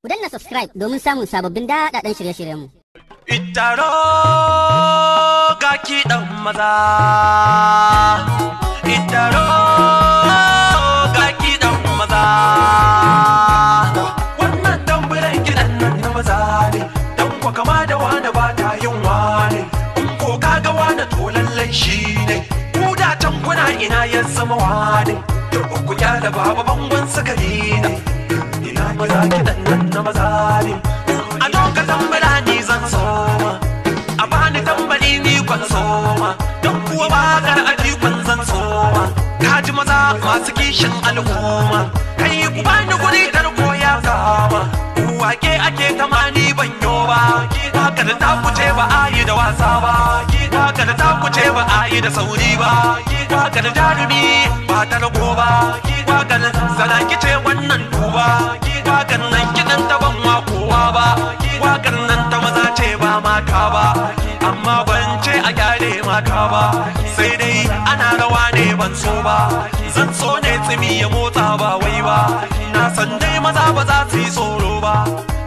Ku danna subscribe domin samun sababbin daɗaɗɗen shirye-shiryenmu. Itaro ga ɗan maza. Itaro ga kiɗan maza. Wannan tambayar gidan nan na maza ne, don kwa kama da wani ba ta yin wani. In ko kaga ga wani to lallai shi ne, ku da kuna ina ya zama wani. Turɓa ku da baba bangon sakari ne, ina maza kiɗan. na mazali a doka tambara ni zan soma a bani tambari ni kwan soma don kuwa bakar alikon zan soma ka ji maza masu kishin al'umma kai ku bani guri tarko ya kama wake ake tamani banyoba yo ba haka da takuce ba a yi da wasa ba haka da takuce ba a yi da sauri ba haka da jarumi ba ta rago ba haka da iyaka ba sai dai ana rawa ne ban so ba zan so ne tsimi ya motsa ba wai ba na san dai maza ba za su yi tsoro ba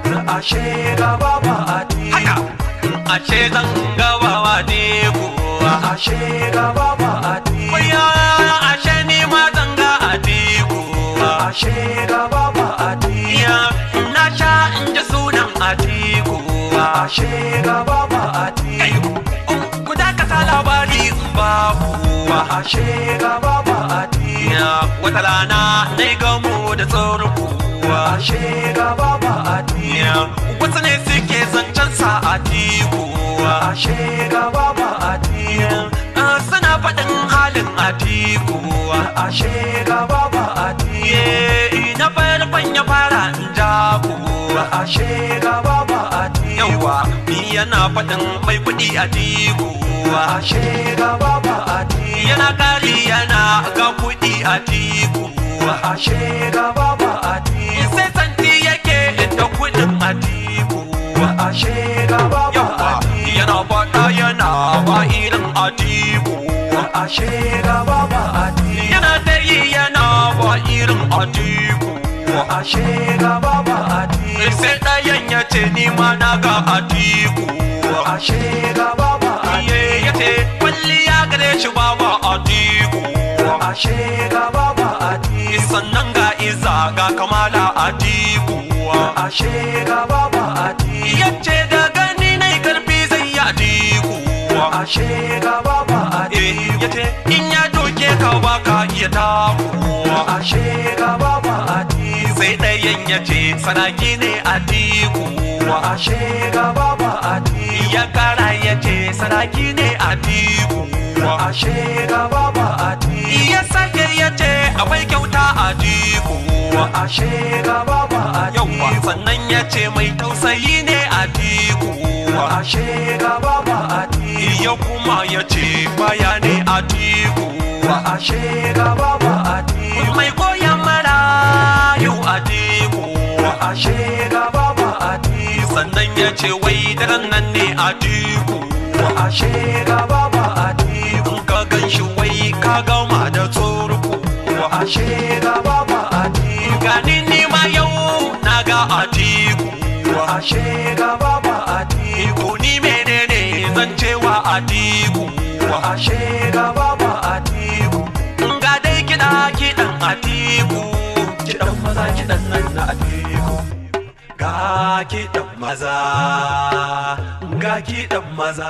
in ashe gaba ba a ti in ashe zan gaba ba teku ashe gaba ba a teku ashe ni ma zan ga a teku ashe gaba ba a teku na sha in ji sunan a teku ashe gaba ba ashe gaba ba addini wata rana na gamo da tsoron kuwa ashe gaba ba addini wasu ne suke zancen sa a tiku ashe gaba ba addini ah, suna faɗin halin a tiku ashe gaba ba addini eh, na farkon ya fara in ja kuwa ashe gaba ba addini yawa ni yana faɗin mai kuɗi a tiku ashe gaba ba addini yana kari yana ga kuɗi a tiku ashe gaba ba a tiku sai santi yake da kuɗin a tiku ashega baba ba a tiku yana faɗa yana ba irin a tiku ashega baba ba a tiku yana tayi yana ba irin a tiku ashega baba ba a tiku sai ɗayan ya ce ni ma na ga a tiku ashe gaba ba Iye ya ce kwalliya gare shi baba Atiku. Ashe ga baba Atiku. Sannan ga Iza ga Kamala Atiku. Ashe ga baba Atiku. Yace da gani na karfi zai yi Atiku. Ashe ga baba Atiku. Eh, yace in ya doke ka ba ka iya takuwa. Ashe ga baba Atiku. Sai ɗayan yace sanaki ne Atiku. Ashe ga baba jaki ne a tiku ashe gaba ba a ya sake ya ce akwai kyauta a tiku ashe gaba ba a tiku sannan ya ce mai tausayi ne a tiku ashe gaba ba a tiku ya kuma ya ce baya ne a tiku ashe gaba ba a tiku mai koyan mara yau a tiku ashe gaba ba ati. tiku sannan ya ce wai daren nan ne a tiku shega baba a tiku ka gan shi wai ka gama da tsurku a shega baba a tiku gani ni ma yau na ga a tiku a shega baba a tiku ni ne zan cewa a tiku a shega baba a tiku ga dai kiɗa kiɗan a tiku kiɗan maza kiɗan nan na a tiku ga kiɗan maza ga kiɗan maza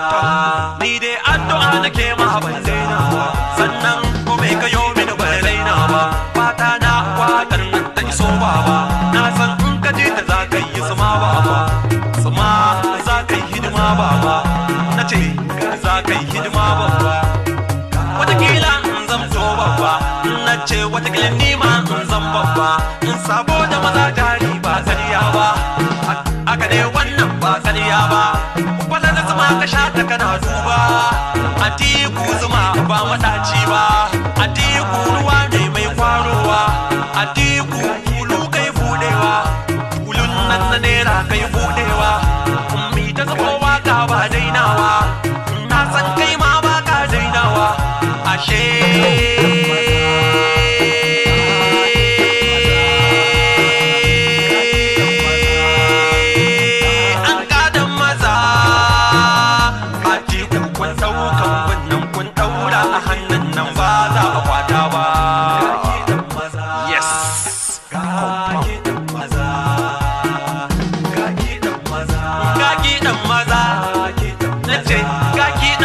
ni dai addu'a nake ma ban daina ba sannan kuma ka yo mini ba raina ba fata na wakar nan ta iso baba na san in ka je ta za ka yi suma baba suma za ka yi hidima baba na ce za ka yi hidima baba watakila in zan ba ba na ce watakila ni ma in zan ba in sabo da maza jari ba zariya ba ma ka sha ta kana zuba atiku zuma ba madaci ba atiku ruwa ne mai kwarowa atiku kulu kai budewa kulun nan na nera kai budewa mi ta kowa ka ba dainawa na san kai ma ba ka dainawa ashe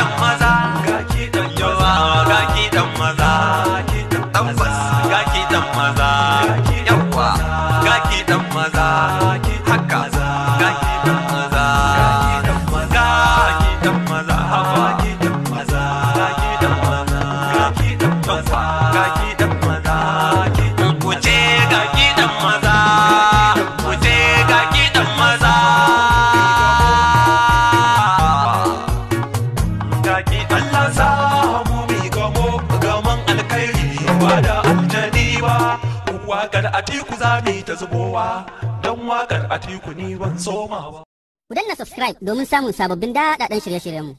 da ba da aljani ba wakar atiku zami ta zubowa don wakar atiku ni ban soma ba. Ku danna subscribe domin samun sababbin daɗaɗɗen shirye-shiryenmu.